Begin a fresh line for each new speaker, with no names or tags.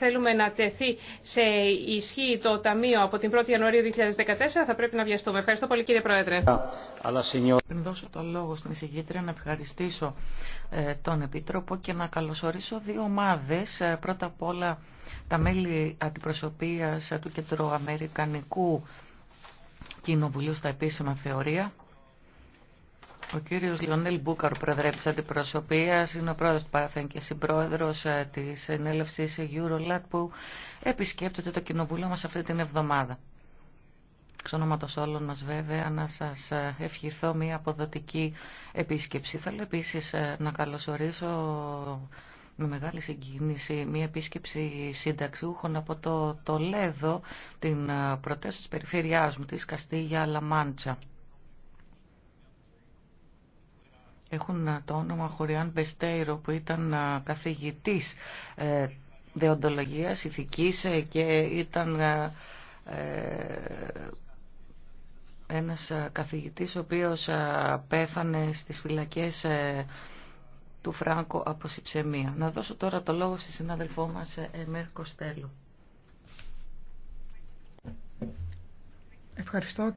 θέλουμε να τεθεί σε ισχύ το Ταμείο από την 1η Ιανουαρίου 2014, θα πρέπει να βιαστούμε. Ευχαριστώ πολύ κύριε Πρόεδρε. Πριν δώσω το λόγο στην εισηγήτρια να ευχαριστήσω ε, τον Επίτροπο και να καλωσορίσω δύο ομάδες. Ε, πρώτα απ' όλα τα μέλη αντιπροσωπείας του Κεντροαμερικανικού Κοινοβουλίου στα επίσημα θεωρία ο κύριος Λιονέλ Μπούκαρ, πρόεδρε της Αντιπροσωπείας, είναι ο πρόεδρος του Παραθέν και συμπρόεδρος ε, της ενέλευσης Eurolat που επισκέπτεται το κοινοβούλιο μας αυτή την εβδομάδα. Εξ το όλων μας βέβαια να σας ε, ευχηθώ μια αποδοτική επίσκεψη. Θέλω επίσης ε, να καλωσορίσω με μεγάλη συγκίνηση μια επίσκεψη συνταξιούχων από το Τολέδο, την πρωτεύουσα της περιφέρειάς μου, της Καστίγια Λαμάντσα. Έχουν ε, το όνομα Χωριάν Πεστέιρο που ήταν ε, καθηγητής ε, δεοντολογίας, ηθικής και ήταν ένας καθηγητής ο οποίος πέθανε στις φυλακές του Φράγκο από συψεμία. Να δώσω τώρα το λόγο στη συνάδελφό μας Εμέρ Κοστέλου. Ευχαριστώ.